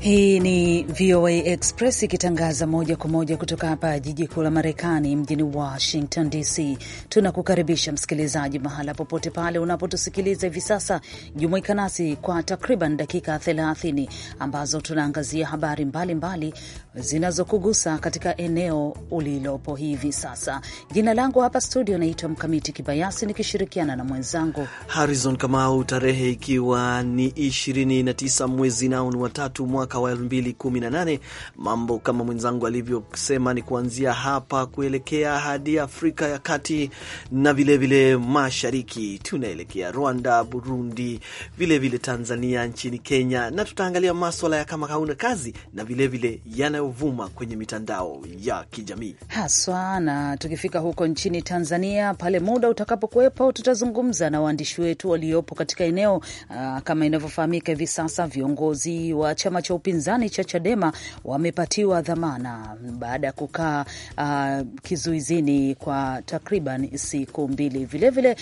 Hii ni VOA Express ikitangaza moja kwa moja kutoka hapa jiji kuu la Marekani, mjini Washington DC. Tunakukaribisha msikilizaji, mahala popote pale unapotusikiliza hivi sasa. Jumuika nasi kwa takriban dakika 30 ambazo tunaangazia habari mbalimbali mbali zinazokugusa katika eneo ulilopo hivi sasa. Jina langu hapa studio naitwa Mkamiti Kibayasi, nikishirikiana na mwenzangu Harrison Kamau, tarehe ikiwa ni 29 mwezi nao ni watatu mwaka wa 2018. Mambo kama mwenzangu alivyosema ni kuanzia hapa kuelekea hadi Afrika ya Kati na vilevile vile mashariki, tunaelekea Rwanda, Burundi, vilevile vile Tanzania, nchini Kenya, na tutaangalia maswala ya kama hauna kazi na vilevile yana yanayovuma kwenye mitandao ya kijamii haswa. Na tukifika huko nchini Tanzania, pale muda utakapokuwepo, tutazungumza na waandishi wetu waliopo katika eneo uh, kama inavyofahamika hivi sasa viongozi wa chama cha upinzani cha Chadema wamepatiwa dhamana baada ya kukaa ah, kizuizini kwa takriban siku mbili. Vilevile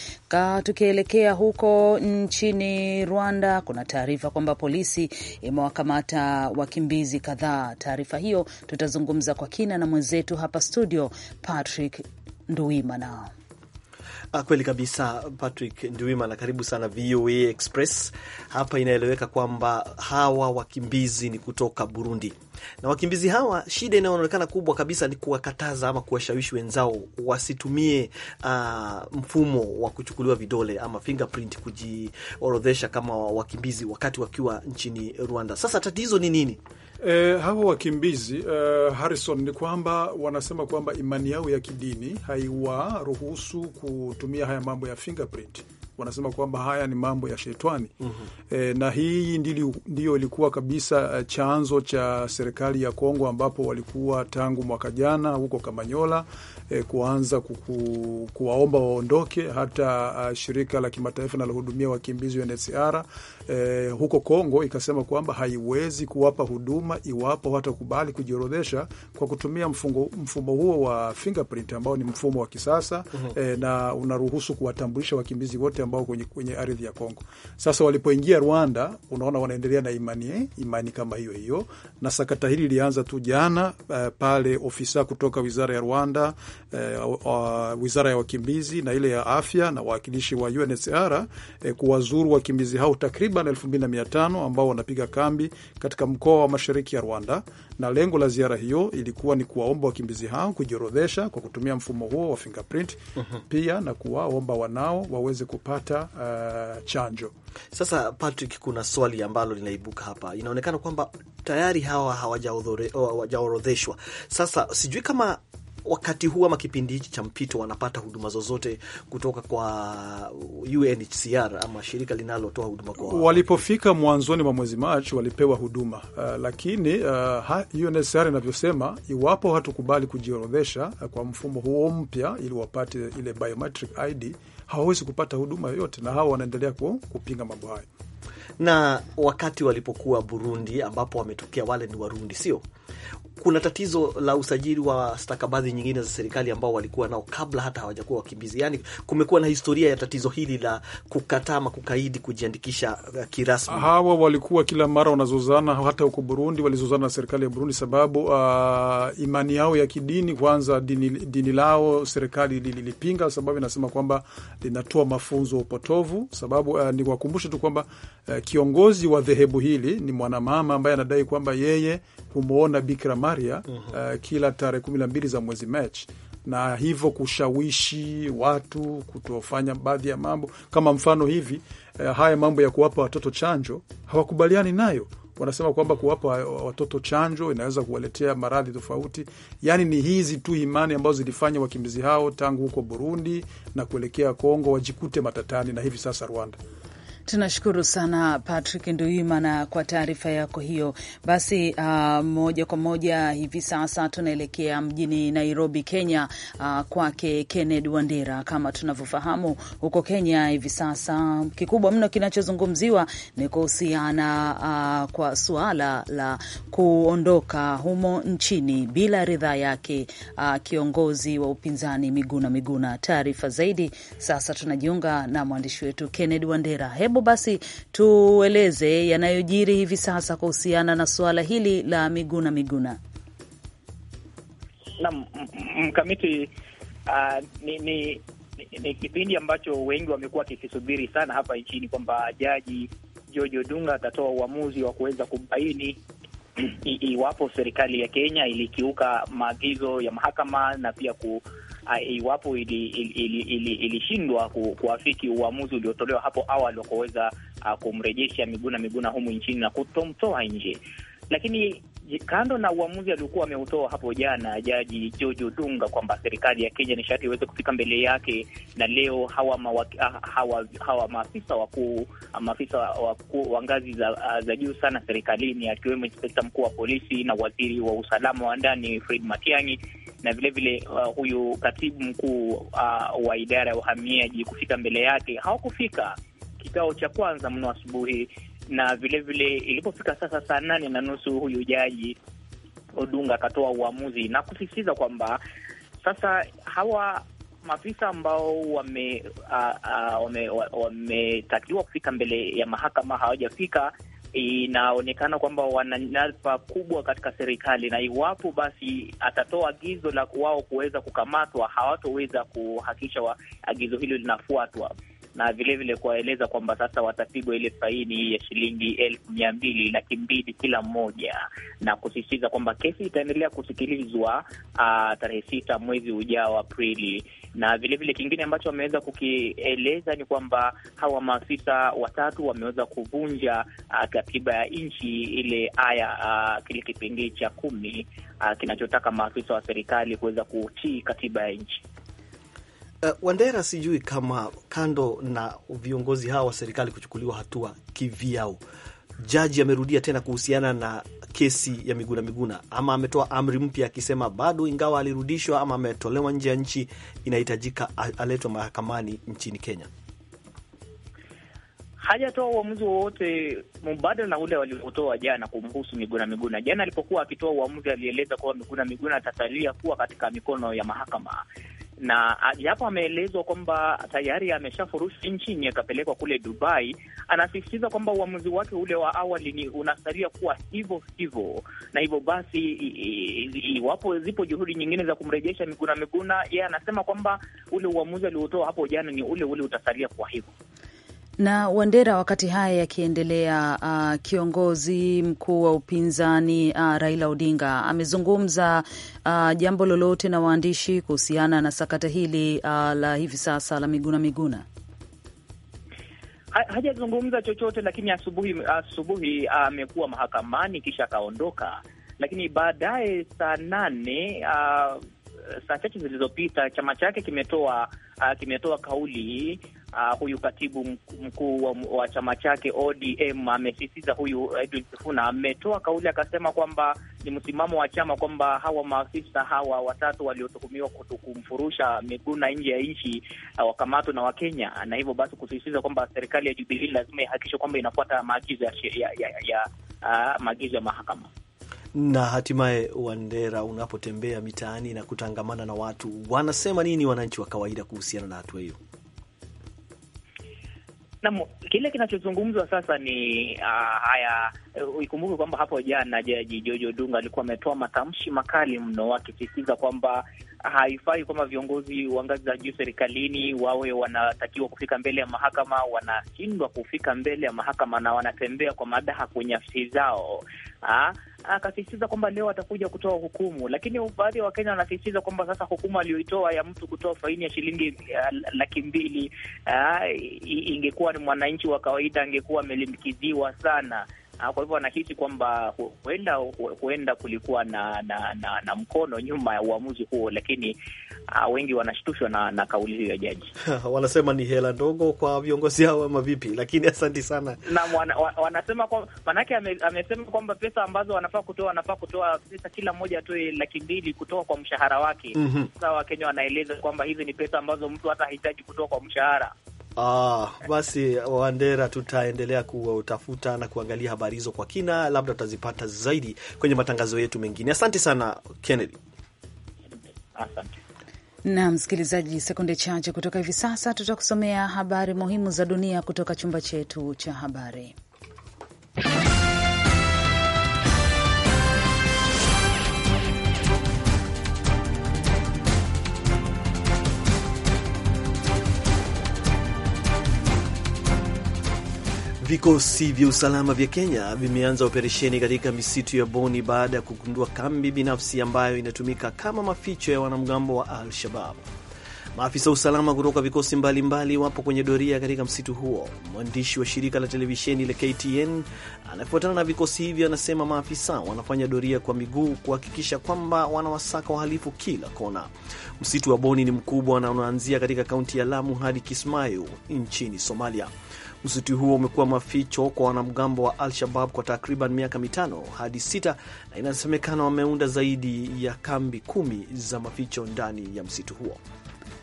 tukielekea huko nchini Rwanda, kuna taarifa kwamba polisi imewakamata wakimbizi kadhaa. Taarifa hii hiyo tutazungumza kwa kina na mwenzetu hapa studio Patrick Nduimana. Ah, kweli kabisa, Patrick nduimana karibu sana VOA Express. Hapa inaeleweka kwamba hawa wakimbizi ni kutoka Burundi, na wakimbizi hawa, shida inayoonekana kubwa kabisa ni kuwakataza ama kuwashawishi wenzao wasitumie uh, mfumo wa kuchukuliwa vidole ama fingerprint, kujiorodhesha kama wakimbizi wakati wakiwa nchini Rwanda. Sasa tatizo ni nini? E, hawa wakimbizi e, Harrison, ni kwamba wanasema kwamba imani yao ya kidini haiwaruhusu kutumia haya mambo ya fingerprint. Wanasema kwamba haya ni mambo ya shetani. mm -hmm. E, na hii ndiyo ilikuwa kabisa chanzo cha serikali ya Kongo ambapo walikuwa tangu mwaka jana huko Kamanyola e, kuanza kuku, kuwaomba waondoke. Hata shirika la kimataifa linalohudumia wakimbizi UNHCR eh, huko Kongo ikasema kwamba haiwezi kuwapa huduma iwapo hawatakubali kujiorodhesha kwa kutumia mfungo, mfumo huo wa fingerprint ambao ni mfumo wa kisasa mhm. eh, na unaruhusu kuwatambulisha wakimbizi wote ambao kwenye, kwenye ardhi ya Kongo. Sasa walipoingia Rwanda, unaona wanaendelea na imani, eh, imani kama hiyo hiyo, na sakata hili lilianza tu jana eh, pale ofisa kutoka wizara ya Rwanda eh, uh, wizara ya wakimbizi na ile ya afya na wawakilishi wa UNHCR eh, kuwazuru wakimbizi hao takriban takriban 2500 ambao wanapiga kambi katika mkoa wa mashariki ya Rwanda, na lengo la ziara hiyo ilikuwa ni kuwaomba wakimbizi hao kujiorodhesha kwa kutumia mfumo huo wa fingerprint uh mhm. -huh. pia na kuwaomba wanao waweze kupata uh, chanjo. Sasa Patrick, kuna swali ambalo linaibuka hapa. Inaonekana kwamba tayari hawa hawajaorodheshwa. Sasa sijui kama wakati huu ama kipindi hichi cha mpito wanapata huduma zozote kutoka kwa UNHCR ama shirika linalotoa huduma kwa walipofika mwanzoni mwa mwezi Machi walipewa huduma uh, lakini uh, UNHCR inavyosema iwapo hatukubali kujiorodhesha uh, kwa mfumo huo mpya ili wapate ile biometric ID hawawezi kupata huduma yoyote, na hawa wanaendelea kupinga mambo hayo na wakati walipokuwa Burundi, ambapo wametokea wale ni Warundi, sio kuna tatizo la usajili wa stakabadhi nyingine za serikali ambao walikuwa nao kabla hata hawajakuwa wakimbizi. Yani kumekuwa na historia ya tatizo hili la kukataa ama kukaidi kujiandikisha uh, kirasmi. Hawa walikuwa kila mara wanazozana, hata huko Burundi walizozana na serikali ya Burundi sababu uh, imani yao ya kidini kwanza, dini, dini lao serikali lilipinga, sababu inasema kwamba linatoa mafunzo ya upotovu, sababu uh, ni tu kwamba uh, kiongozi wa dhehebu hili ni mwanamama ambaye anadai kwamba yeye humwona Bikira Maria mm -hmm. uh, kila tarehe kumi na mbili za mwezi Machi na hivyo kushawishi watu kutofanya baadhi ya mambo kama mfano hivi eh, haya mambo ya kuwapa watoto chanjo hawakubaliani nayo. Wanasema kwamba kuwapa watoto chanjo inaweza kuwaletea maradhi tofauti. Yaani ni hizi tu imani ambazo zilifanya wakimbizi hao tangu huko Burundi na kuelekea Kongo wajikute matatani na hivi sasa Rwanda. Tunashukuru sana Patrick Nduimana kwa taarifa yako hiyo. Basi uh, moja kwa moja hivi sasa tunaelekea mjini Nairobi, Kenya, uh, kwake Kennedy Wandera. Kama tunavyofahamu huko Kenya hivi sasa kikubwa mno kinachozungumziwa ni kuhusiana uh, kwa suala la kuondoka humo nchini bila ridhaa yake uh, kiongozi wa upinzani Miguna Miguna. Taarifa zaidi sasa tunajiunga na mwandishi wetu Kennedy Wandera. Hebu hebu basi tueleze yanayojiri hivi sasa kuhusiana na suala hili la Miguna Miguna. Na mkamiti uh, ah, ni, ni, ni, ni kipindi ambacho wengi wamekuwa kikisubiri sana hapa nchini kwamba jaji George Odunga atatoa uamuzi wa kuweza kubaini iwapo serikali ya Kenya ilikiuka maagizo ya mahakama na pia ku Ah, iwapo ilishindwa ili, ili, ili, ili kuafiki uamuzi uliotolewa hapo awali wa kuweza ah, kumrejesha Miguna Miguna humu nchini na kutomtoa nje, lakini kando na uamuzi aliokuwa ameutoa hapo jana Jaji George Odunga kwamba serikali ya Kenya nishati iweze kufika mbele yake, na leo hawa mawaki, ah, hawa, hawa maafisa wakuu maafisa wakuu wa ngazi za, za juu sana serikalini akiwemo inspekta mkuu wa polisi na waziri wa usalama wa ndani Fred Matiang'i na vilevile vile, uh, huyu katibu mkuu uh, wa idara ya uhamiaji kufika mbele yake. Hawakufika kikao cha kwanza mno asubuhi, na vilevile ilipofika sasa saa nane na nusu huyu jaji Odunga akatoa uamuzi na kusisitiza kwamba sasa hawa maafisa ambao uh, uh, wametakiwa wame, wame kufika mbele ya mahakama hawajafika inaonekana kwamba wana nyadhifa kubwa katika serikali, na iwapo basi atatoa agizo la wao kuweza kukamatwa, hawatoweza kuhakikisha agizo hilo linafuatwa na vilevile kuwaeleza kwamba sasa watapigwa ile faini ya shilingi elfu mia mbili laki mbili kila mmoja, na kusisitiza kwamba kesi itaendelea kusikilizwa uh, tarehe sita mwezi ujao Aprili. Na vilevile kingine ambacho wameweza kukieleza ni kwamba hawa maafisa watatu wameweza kuvunja uh, katiba ya nchi ile aya uh, kile kipengee cha kumi uh, kinachotaka maafisa wa serikali kuweza kutii katiba ya nchi. Uh, Wandera, sijui kama kando na viongozi hawa wa serikali kuchukuliwa hatua kivyao, jaji amerudia tena kuhusiana na kesi ya Miguna Miguna, ama ametoa amri mpya akisema bado, ingawa alirudishwa ama ametolewa nje ya nchi, inahitajika aletwe mahakamani nchini Kenya. Hajatoa uamuzi wowote mbadala na ule waliotoa jana kumhusu Miguna Miguna. Jana alipokuwa akitoa uamuzi, alieleza kuwa Miguna Miguna atasalia kuwa katika mikono ya mahakama na japo ah, ameelezwa kwamba tayari ameshafurushwa nchini akapelekwa kule Dubai, anasisitiza kwamba uamuzi wake ule wa awali ni unasalia kuwa hivyo hivyo, na hivyo basi, iwapo zipo juhudi nyingine za kumrejesha Miguna Miguna, yeye anasema kwamba ule uamuzi aliotoa hapo jana ni ule ule, utasalia kuwa hivyo na Wandera, wakati haya yakiendelea, uh, kiongozi mkuu wa upinzani uh, Raila Odinga amezungumza uh, jambo lolote na waandishi kuhusiana na sakata hili uh, la hivi sasa la Miguna Miguna? hajazungumza chochote, lakini asubuhi asubuhi uh, amekuwa uh, mahakamani kisha akaondoka, lakini baadaye saa nane uh, saa chache zilizopita chama chake kimetoa uh, kimetoa kauli uh, huyu katibu mkuu wa, wa chama chake ODM amesisitiza huyu Edwin Sifuna ametoa kauli akasema kwamba ni msimamo wa chama kwamba hawa maafisa hawa watatu waliotuhumiwa kumfurusha Miguna nje ya nchi wakamatwa na Wakenya, na hivyo basi kusisitiza kwamba serikali ya Jubilee lazima ihakikishe kwamba inafuata maagizo ya, ya, ya, ya, uh, maagizo ya mahakama na hatimaye, Wandera, unapotembea mitaani na kutangamana na watu, wanasema nini wananchi wa kawaida kuhusiana na hatua hiyo? Naam, kile kinachozungumzwa sasa ni uh, haya. Ikumbuke kwamba hapo jana Jaji George Odunga alikuwa ametoa matamshi makali mno, akisisitiza kwamba haifai kwamba viongozi wa ngazi za juu serikalini wawe wanatakiwa kufika mbele ya mahakama, wanashindwa kufika mbele ya mahakama na wanatembea kwa madaha kwenye afisi zao. Ah, akasisitiza kwamba leo atakuja kutoa hukumu, lakini baadhi ya Wakenya wanasisitiza kwamba sasa hukumu aliyoitoa ya mtu kutoa faini ya shilingi laki mbili ah, ingekuwa ni mwananchi wa kawaida angekuwa amelimbikiziwa sana Ah, kwa hivyo wanahisi kwamba huenda huenda kulikuwa na na, na na mkono nyuma ya uamuzi huo, lakini uh, wengi wanashtushwa na, na kauli hiyo ya jaji wanasema ni hela ndogo kwa viongozi hao ama vipi? Lakini asante sana na, wana, wanasema kwa manake ame, amesema kwamba pesa ambazo wanafaa kutoa wanafaa kutoa pesa, kila mmoja atoe laki mbili kutoa kwa mshahara wake. Mhm. Sasa mm -hmm. Wakenya wanaeleza kwamba hizi ni pesa ambazo mtu hata hahitaji kutoa kwa mshahara Ah, basi Wandera, tutaendelea kutafuta na kuangalia habari hizo kwa kina, labda tutazipata zaidi kwenye matangazo yetu mengine. Asante sana Kennedy. Asante. Na msikilizaji, sekunde chache kutoka hivi sasa tutakusomea habari muhimu za dunia kutoka chumba chetu cha habari. Vikosi vya usalama vya Kenya vimeanza operesheni katika misitu ya Boni baada ya kugundua kambi binafsi ambayo inatumika kama maficho ya wanamgambo wa Al-Shabab. Maafisa wa usalama kutoka vikosi mbalimbali mbali wapo kwenye doria katika msitu huo. Mwandishi wa shirika la televisheni la KTN anafuatana na vikosi hivyo, anasema maafisa wanafanya doria kwa miguu kuhakikisha kwamba wanawasaka wahalifu kila kona. Msitu wa Boni ni mkubwa na unaanzia katika kaunti ya Lamu hadi Kismayu nchini Somalia. Msitu huo umekuwa maficho kwa wanamgambo wa Al-Shabab kwa takriban miaka mitano hadi sita, na inasemekana wameunda zaidi ya kambi kumi za maficho ndani ya msitu huo.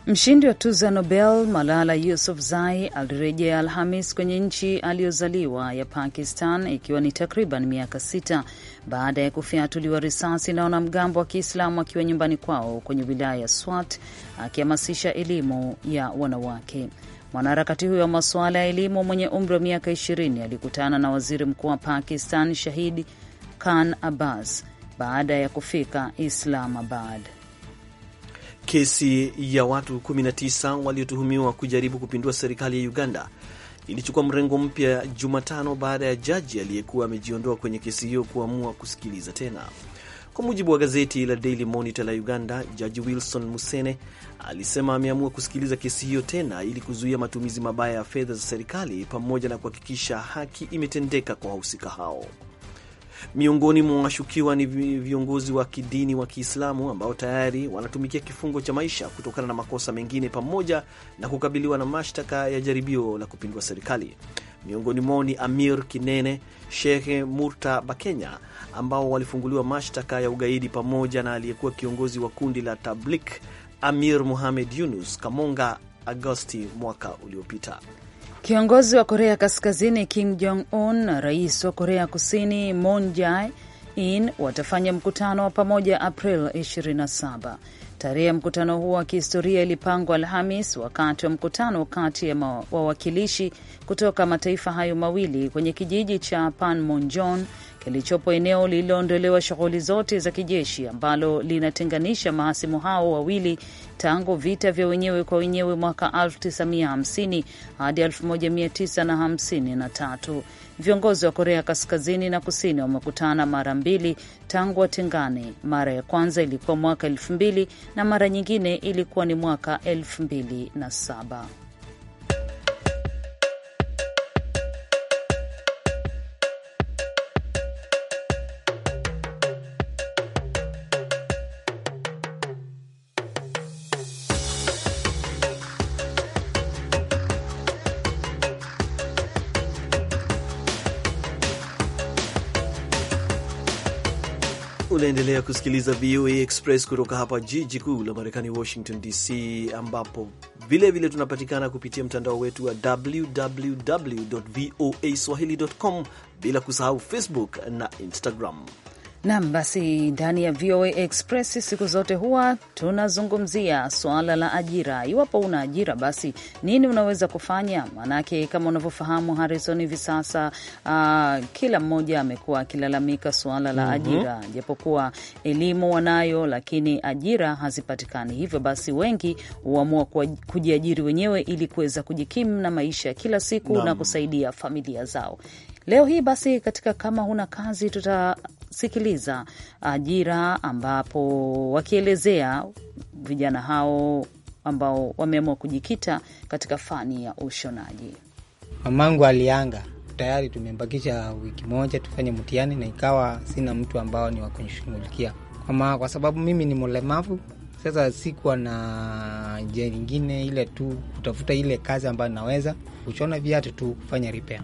Mshindi wa tuzo ya Nobel Malala Yousafzai alirejea Alhamis kwenye nchi aliyozaliwa ya Pakistan, ikiwa ni takriban miaka sita baada ya kufyatuliwa risasi na wanamgambo wa Kiislamu akiwa nyumbani kwao kwenye wilaya ya Swat, akihamasisha elimu ya wanawake. Mwanaharakati huyo wa masuala ya elimu mwenye umri wa miaka 20 alikutana na waziri mkuu wa Pakistan Shahid Khan Abbas baada ya kufika Islamabad. Kesi ya watu 19 waliotuhumiwa kujaribu kupindua serikali ya Uganda ilichukua mrengo mpya Jumatano baada ya jaji aliyekuwa amejiondoa kwenye kesi hiyo kuamua kusikiliza tena. Kwa mujibu wa gazeti la Daily Monitor la Uganda, Jaji Wilson Musene alisema ameamua kusikiliza kesi hiyo tena ili kuzuia matumizi mabaya ya fedha za serikali pamoja na kuhakikisha haki imetendeka kwa wahusika hao. Miongoni mwa washukiwa ni viongozi wa kidini wa Kiislamu ambao tayari wanatumikia kifungo cha maisha kutokana na makosa mengine pamoja na kukabiliwa na mashtaka ya jaribio la kupindua serikali miongoni mwao ni Amir Kinene, Shehe Murta Bakenya, ambao walifunguliwa mashtaka ya ugaidi pamoja na aliyekuwa kiongozi wa kundi la Tablik Amir Muhamed Yunus Kamonga Agosti mwaka uliopita. Kiongozi wa Korea Kaskazini Kim Jong Un na rais wa Korea Kusini Moon Jae-in watafanya mkutano wa pamoja April 27 Tarehe ya mkutano huo wa kihistoria ilipangwa Alhamis wakati wa mkutano kati ya wawakilishi kutoka mataifa hayo mawili kwenye kijiji cha Panmunjom kilichopo eneo lililoondolewa shughuli zote za kijeshi ambalo linatenganisha mahasimu hao wawili tangu vita vya wenyewe kwa wenyewe mwaka 1950 hadi 1953. Viongozi wa Korea Kaskazini na Kusini wamekutana mara mbili tangu watengane. Mara ya kwanza ilikuwa mwaka elfu mbili na mara nyingine ilikuwa ni mwaka elfu mbili na saba. Unaendelea kusikiliza VOA Express kutoka hapa jiji kuu la Marekani, Washington DC, ambapo vilevile vile tunapatikana kupitia mtandao wetu wa www voa swahili.com, bila kusahau Facebook na Instagram. Nam, basi ndani ya VOA Express siku zote huwa tunazungumzia suala la ajira. Iwapo una ajira, basi nini unaweza kufanya? Maanake kama unavyofahamu Harrison, hivi sasa uh, kila mmoja amekuwa akilalamika suala la mhm. ajira, japokuwa elimu wanayo, lakini ajira hazipatikani. Hivyo basi wengi huamua kujiajiri wenyewe ili kuweza kujikimu na maisha ya kila siku Naam. na kusaidia familia zao. Leo hii basi katika kama huna kazi, tuta kusikiliza ajira, ambapo wakielezea vijana hao ambao wameamua kujikita katika fani ya ushonaji. Mamangu alianga tayari, tumebakisha wiki moja tufanye mtihani, na ikawa sina mtu ambao ni wakunishughulikia kwa, kwa sababu mimi ni mlemavu sasa sikuwa na njia nyingine ile tu kutafuta ile kazi ambayo naweza kuchona viatu tu kufanya repair.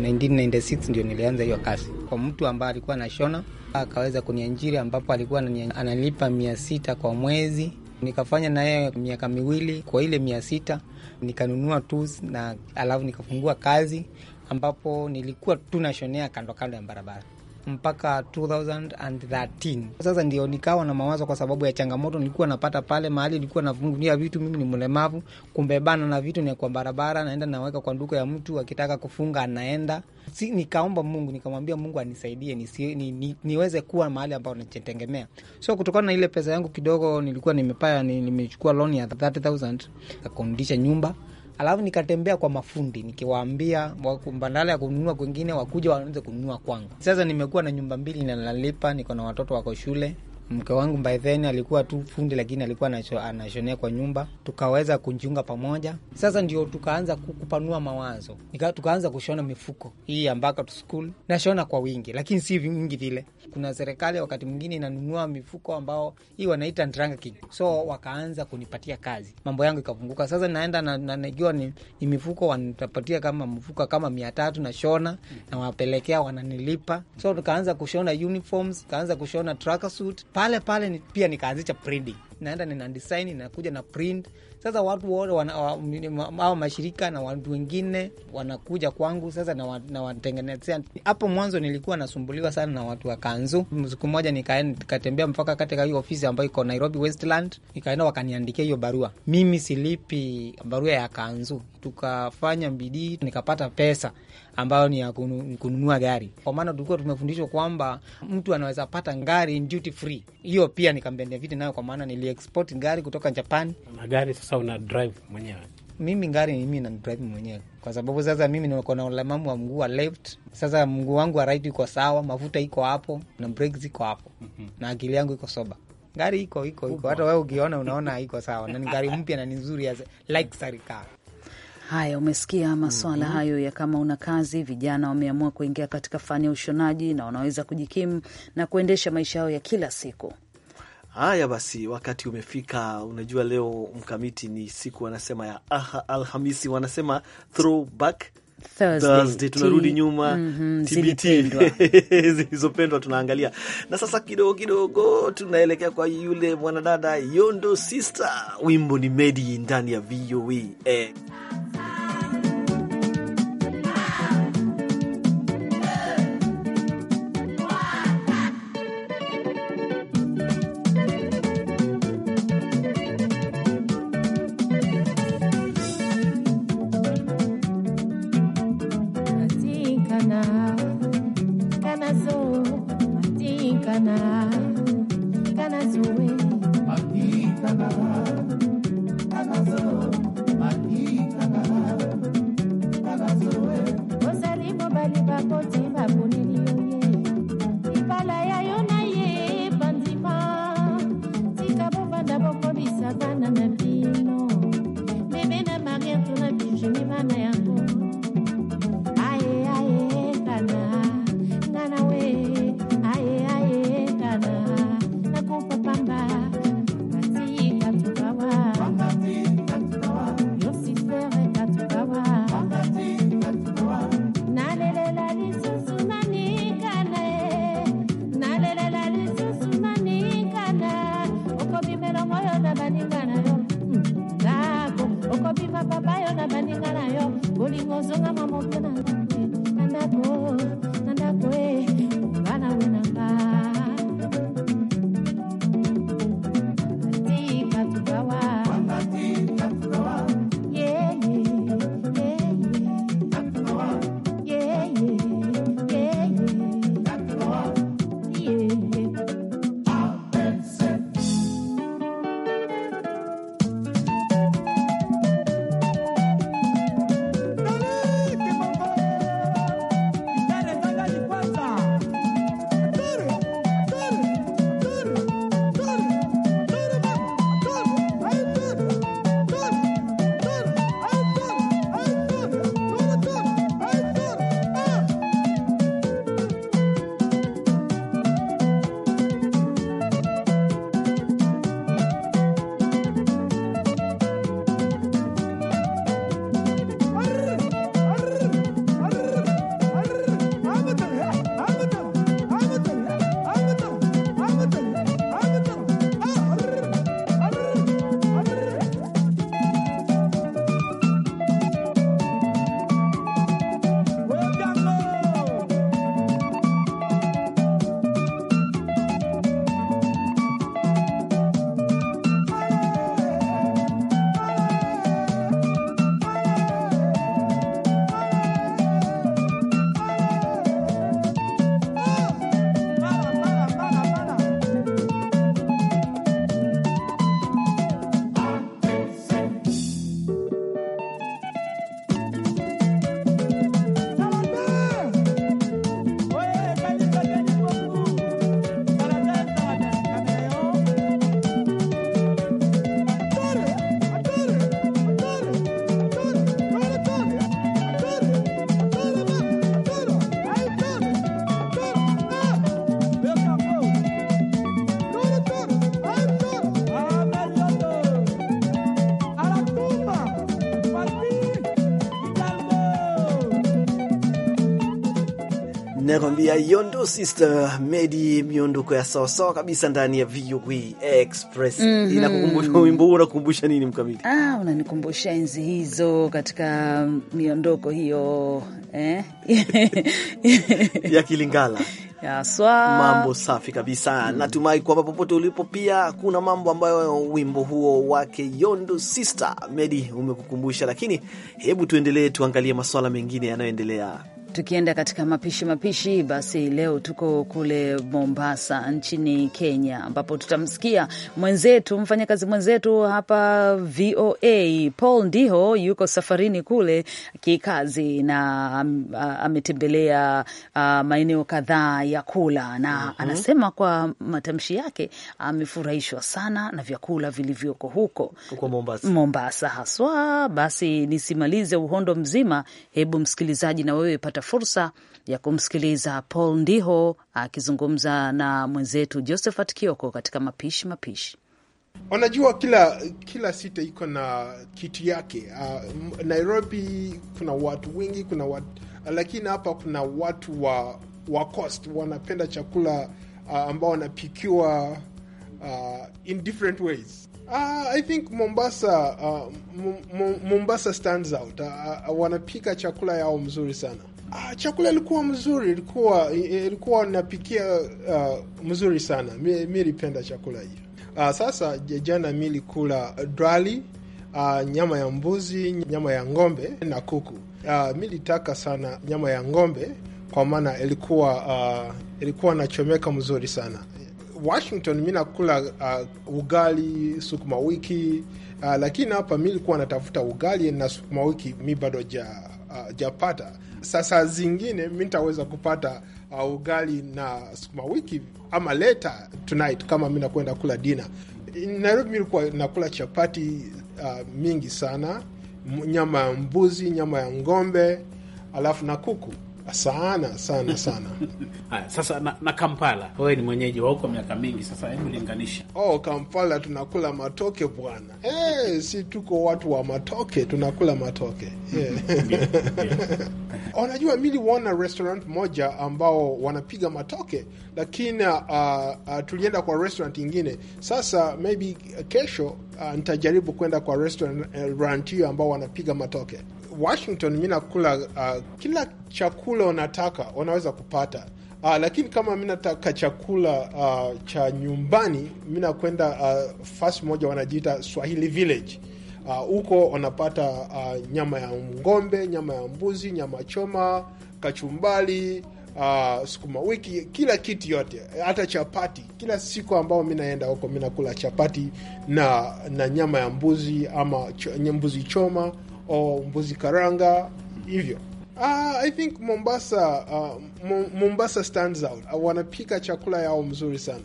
1996 ndio nilianza hiyo kazi kwa mtu ambaye alikuwa anashona, akaweza kuniajiri ambapo alikuwa ananilipa mia sita kwa mwezi. Nikafanya naye miaka miwili, kwa ile mia sita nikanunua tools na alafu nikafungua kazi ambapo nilikuwa tu nashonea kando kando ya barabara mpaka 2013. Sasa ndio nikawa na mawazo, kwa sababu ya changamoto nilikuwa napata pale mahali nilikuwa nafungulia vitu. Mimi ni mlemavu, kumbebana na vitu ni kwa barabara, naenda naweka kwa nduka ya mtu, akitaka kufunga anaenda. Si, nikaomba Mungu, nikamwambia Mungu anisaidie ni, ni, ni, niweze kuwa mahali ambao najitegemea. So kutokana na ile pesa yangu kidogo nilikuwa nimepaya, nimechukua loan ya 30000 akondisha nyumba alafu nikatembea kwa mafundi nikiwaambia badala ya kununua kwengine wakuja waweze kununua kwangu. Sasa nimekuwa na nyumba mbili na nalipa, niko na watoto wako shule, Mke wangu by then alikuwa tu fundi, lakini alikuwa anashonea kwa nyumba, tukaweza kujiunga pamoja. Sasa ndio tukaanza kupanua mawazo, tukaanza kushona mifuko hii ambako tu school nashona kwa wingi, lakini si wingi vile. Kuna serikali wakati mwingine inanunua mifuko ambao hii wanaita ndranking, so wakaanza kunipatia kazi, mambo yangu ikafunguka. Sasa naenda na, na najua ni, ni mifuko wanapatia kama mfuko kama mia tatu nashona nawapelekea, wananilipa. So tukaanza kushona uniforms, tukaanza kushona tracksuit pale pale ni, pia nikaanzisha printing, naenda nina design nakuja na print. Sasa watu wote awa mashirika na watu wengine wanakuja kwangu sasa nawatengenezea. Na hapo mwanzo nilikuwa nasumbuliwa sana na watu wa kanzu. Siku moja nikatembea mpaka katika hiyo ofisi ambayo iko Nairobi Westland, nikaenda wakaniandikia hiyo barua, mimi silipi barua ya kanzu. Tukafanya bidii nikapata pesa ambayo ni ya kununua gari, kwa maana tulikuwa tumefundishwa kwamba mtu anaweza pata gari duty free. Hiyo pia nikambendea nikambenefiti nayo, kwa maana niliexport gari kutoka Japan na gari sasa una drive mwenyewe mimi gari mimi na drive mwenyewe kwa sababu sasa mimi niko na ulemavu wa mguu wa left. Sasa mguu wangu wa right iko sawa, mafuta iko hapo na brakes iko hapo mhm. na akili yangu iko soba. Gari iko iko iko, hata wewe ukiona unaona iko sawa, na ni gari mpya na ni nzuri, as luxury car. Haya, umesikia maswala mm -hmm. hayo ya kama una kazi, vijana wameamua kuingia katika fani ya ushonaji na wanaweza kujikimu na kuendesha maisha yao ya kila siku. Haya basi, wakati umefika. Unajua leo mkamiti ni siku wanasema ya aha, Alhamisi wanasema throwback Thursday. tunarudi nyuma mm -hmm, TBT zilizopendwa tunaangalia, na sasa kidogo kidogo tunaelekea kwa yule mwanadada Yondo Sister, wimbo ni medi ndani ya VOA eh. anakuambia Yondo Sister Medi, miondoko ya sawasawa kabisa ndani ya VOA e Express. mm -hmm. Inakukumbusha wimbo huu, unakukumbusha nini mkamiti? Ah, unanikumbusha enzi hizo katika miondoko hiyo eh? ya Kilingala Yaswa. Mambo safi kabisa mm. Natumai kwamba popote ulipo pia kuna mambo ambayo wimbo huo wake Yondo Sister Medi umekukumbusha, lakini hebu tuendelee, tuangalie masuala mengine yanayoendelea Tukienda katika mapishi mapishi, basi leo tuko kule Mombasa nchini Kenya, ambapo tutamsikia mwenzetu, mfanyakazi mwenzetu hapa VOA Paul Ndiho yuko safarini kule kikazi na ametembelea maeneo kadhaa ya kula na mm -hmm. Anasema kwa matamshi yake amefurahishwa sana na vyakula vilivyoko huko Mombasa. Mombasa haswa. Basi nisimalize uhondo mzima, hebu msikilizaji na wewe pata fursa ya kumsikiliza Paul Ndiho akizungumza na mwenzetu Josephat Kioko katika mapishi mapishi. Unajua, kila kila sita iko na kitu yake. Uh, Nairobi kuna watu wengi, kuna watu lakini hapa kuna watu wa, wa coast wanapenda chakula uh, ambao wanapikiwa uh, in different ways. Uh, I think Mombasa uh, Mombasa stands out. Uh, wanapika chakula yao mzuri sana. Ah, chakula ilikuwa mzuri, ilikuwa ilikuwa napikia uh, mzuri sana. Mi nilipenda chakula hiyo. Ah, sasa jana mi nilikula drali, Uh, nyama ya mbuzi, nyama ya ng'ombe na kuku. Uh, mi nilitaka sana nyama ya ng'ombe kwa maana ilikuwa uh, ilikuwa nachomeka mzuri sana. Washington mi nakula uh, ugali sukuma wiki uh, lakini hapa mi likuwa natafuta ugali na sukuma wiki mi bado ja, uh, japata sasa zingine mi nitaweza kupata uh, ugali na sukuma wiki ama leta tonight, kama mi nakwenda kula dina Nairobi. Mi likuwa nakula chapati uh, mingi sana, nyama ya mbuzi, nyama ya ng'ombe alafu na kuku sana sana sana. Haya, sasa na, na Kampala, wewe ni mwenyeji wa huko miaka mingi sasa, hebu linganisha. Oh, Kampala tunakula matoke bwana. Hey, eh, si tuko watu wa matoke, tunakula matoke yeah. Unajua, yeah. niliona restaurant moja ambao wanapiga matoke lakini uh, uh, tulienda kwa restaurant ingine. Sasa maybe uh, kesho uh, nitajaribu kwenda kwa restaurant eh, hiyo ambao wanapiga matoke. Washington mi nakula uh, kila chakula unataka unaweza kupata uh, lakini kama mi nataka chakula uh, cha nyumbani mi nakwenda uh, fast moja wanajiita Swahili Village uh, huko uh, unapata uh, nyama ya ng'ombe, nyama ya mbuzi, nyama choma, kachumbali uh, sukuma wiki, kila kitu yote, hata chapati. Kila siku ambao mi naenda huko mi nakula chapati na na nyama ya mbuzi ama ch mbuzi choma au oh, mbuzi karanga hivyo. Uh, I think Mombasa, uh, Mombasa stands out. Uh, wanapika chakula yao mzuri sana.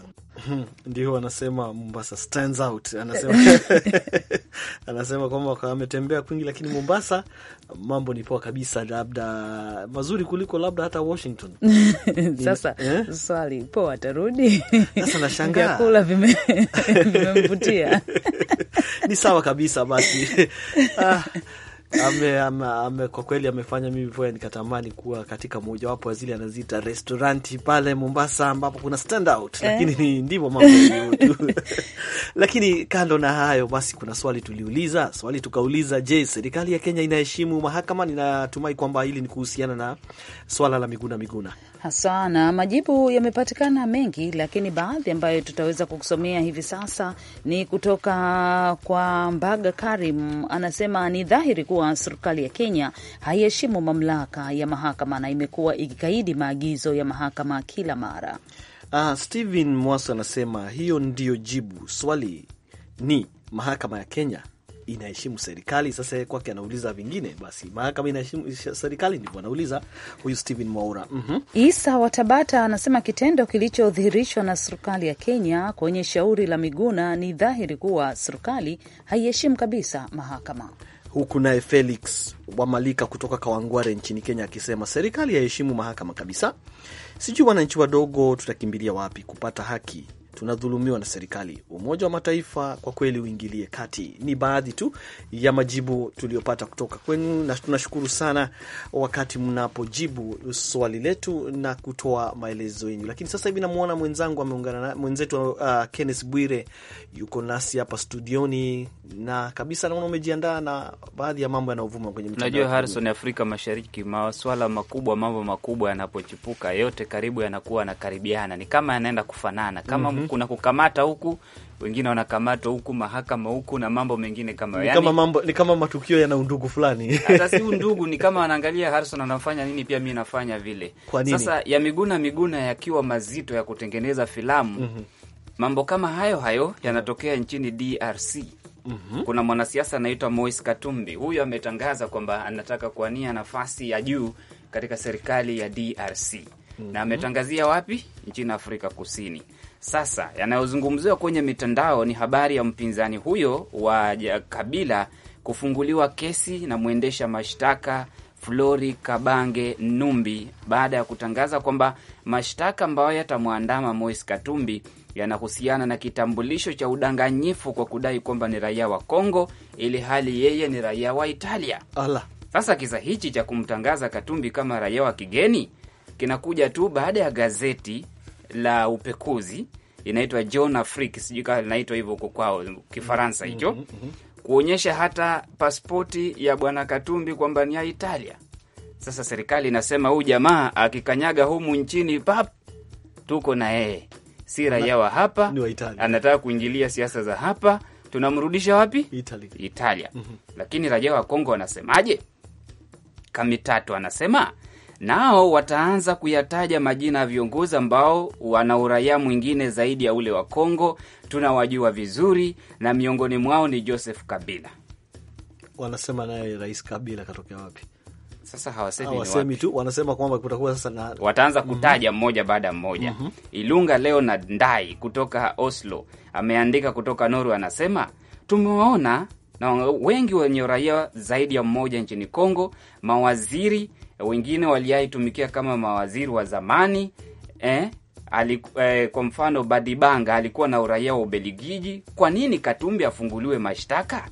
Hmm, ndio anasema Mombasa stands out. Anasema anasema kwamba ametembea kwingi, lakini Mombasa mambo ni poa kabisa, labda mazuri kuliko labda hata Washington. Sasa eh? Swali poa, atarudi sasa, nashangaa vyakula vimemvutia vime ni sawa kabisa basi ah ame, ame, ame, kwa kweli amefanya mimi voya yaani nikatamani kuwa katika mojawapo ya zile anaziita restoranti pale Mombasa, ambapo kuna stand out eh. Lakini ndivyo mambo tu lakini kando na hayo basi, kuna swali tuliuliza swali tukauliza, je, serikali ya Kenya inaheshimu mahakama? Ninatumai kwamba hili ni kuhusiana na swala la Miguna Miguna haswa, na majibu yamepatikana mengi, lakini baadhi ambayo tutaweza kukusomea hivi sasa ni kutoka kwa Mbaga Karim. Anasema ni dhahiri kuwa serikali ya Kenya haiheshimu mamlaka ya mahakama na imekuwa ikikaidi maagizo ya mahakama kila mara. Ah, Steven Mwasa anasema hiyo ndiyo jibu. Swali ni mahakama ya Kenya inaheshimu serikali. Sasa kwake anauliza vingine, basi mahakama inaheshimu serikali, ndivyo anauliza huyu Stephen Mwaura. mm -hmm. Isa watabata anasema kitendo kilichodhihirishwa na serikali ya Kenya kwenye shauri la Miguna ni dhahiri kuwa serikali haiheshimu kabisa mahakama huku naye Felix Wamalika kutoka Kawangware nchini Kenya akisema serikali haheshimu mahakama kabisa. Sijui wananchi wadogo tutakimbilia wapi kupata haki tunadhulumiwa na serikali. Umoja wa Mataifa kwa kweli uingilie kati. Ni baadhi tu ya majibu tuliyopata kutoka kwenu, na tunashukuru sana wakati mnapojibu swali letu na kutoa maelezo yenyu. Lakini sasa hivi namwona mwenzangu ameungana na mwenzetu uh, Kenneth Bwire yuko nasi hapa studioni, na kabisa naona umejiandaa na baadhi ya mambo yanayovuma kwenye mtandao. Najua Harrison, Afrika Mashariki maswala makubwa, mambo makubwa yanapochipuka yote karibu yanakuwa yanakaribiana, ni kama yanaenda kufanana kama mm -hmm. -hmm. Kuna kukamata huku wengine wanakamatwa huku, mahakama huku na mambo mengine kama ni yani, kama mambo ni kama matukio yana undugu fulani hata si undugu, ni kama wanaangalia Harrison anafanya nini, pia mimi nafanya vile. Kwa nini? Sasa ya Miguna Miguna yakiwa mazito ya kutengeneza filamu mm -hmm. Mambo kama hayo hayo yanatokea nchini DRC. Mm -hmm. Kuna mwanasiasa anaitwa Moise Katumbi, huyu ametangaza kwamba anataka kuania nafasi ya juu katika serikali ya DRC. Mm -hmm. Na mm-hmm. ametangazia wapi? Nchini Afrika Kusini. Sasa yanayozungumziwa kwenye mitandao ni habari ya mpinzani huyo wa Kabila kufunguliwa kesi na mwendesha mashtaka Flori Kabange Numbi baada ya kutangaza kwamba mashtaka ambayo yatamwandama Mois Katumbi yanahusiana na kitambulisho cha udanganyifu kwa kudai kwamba ni raia wa Kongo ili hali yeye ni raia wa Italia. Ala. Sasa kisa hichi cha kumtangaza Katumbi kama raia wa kigeni kinakuja tu baada ya gazeti la upekuzi inaitwa John Afrique, sijui kama linaitwa hivyo huko kwao Kifaransa hicho mm -hmm. kuonyesha hata paspoti ya bwana Katumbi kwamba ni ya Italia. Sasa serikali inasema huyu jamaa akikanyaga humu nchini pap, tuko na yeye, si raia wa hapa, anataka kuingilia siasa za hapa, tunamrudisha wapi? Italy. Italia. mm -hmm. Lakini raia wa Kongo wanasemaje? Kamitatu anasema nao wataanza kuyataja majina ya viongozi ambao wana uraia mwingine zaidi ya ule wa Kongo, tunawajua vizuri, na miongoni mwao ni Joseph Kabila. Wanasema naye Rais Kabila katokea wapi? Sasa hawasemi, hawasemi tu, wanasema kwamba kutakuwa sasa na... wataanza mhm. kutaja mm -hmm. mmoja baada ya mmoja mm -hmm. Ilunga Leonard Ndai kutoka Oslo ameandika kutoka Norway, anasema tumewaona na wengi wenye uraia zaidi ya mmoja nchini Kongo, mawaziri wengine waliaitumikia kama mawaziri wa zamani eh? Aliku, eh, kwa mfano Badibanga alikuwa na uraia wa Ubeligiji. Kwa nini Katumbi afunguliwe mashtaka?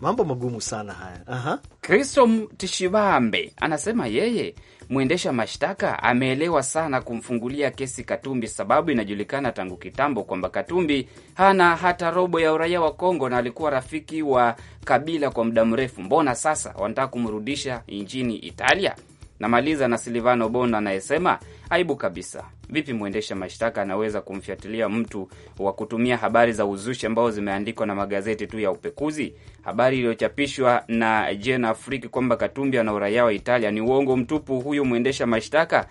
Mambo magumu sana haya. Aha. Kristo Tishibambe anasema yeye mwendesha mashtaka ameelewa sana kumfungulia kesi Katumbi, sababu inajulikana tangu kitambo kwamba Katumbi hana hata robo ya uraia wa Kongo na alikuwa rafiki wa Kabila kwa muda mrefu. Mbona sasa wanataka kumrudisha nchini Italia? Namaliza na Silivano Bona anayesema aibu kabisa. Vipi mwendesha mashtaka anaweza kumfuatilia mtu wa kutumia habari za uzushi ambao zimeandikwa na magazeti tu ya upekuzi? Habari iliyochapishwa na Jena Afriki kwamba Katumbi ana uraia wa Italia ni uongo mtupu. Huyu mwendesha mashtaka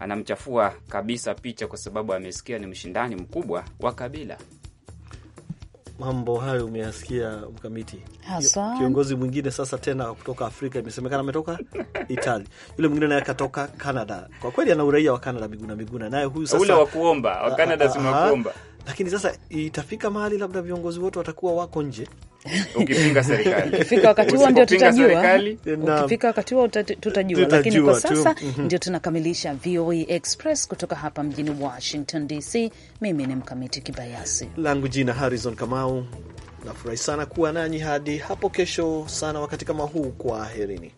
anamchafua kabisa picha, kwa sababu amesikia ni mshindani mkubwa wa Kabila. Mambo hayo umeyasikia mkamiti. Kiongozi mwingine sasa tena kutoka Afrika, imesemekana ametoka Itali, yule mwingine naye akatoka Canada. Kwa kweli ana uraia wa Canada, Miguna Miguna naye huyu sasa ule wa kuomba wa Canada, si wa kuomba lakini sasa itafika mahali labda viongozi wote watakuwa wako nje ukifika wakati huo ndio tutajua, lakini kwa sasa mhm. ndio tunakamilisha VOA e Express kutoka hapa mjini Washington DC. Mimi ni mkamiti Kibayasi, langu jina Harrison Kamau. Nafurahi sana kuwa nanyi hadi hapo kesho sana wakati kama huu. kwa aherini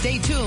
Stay tuned.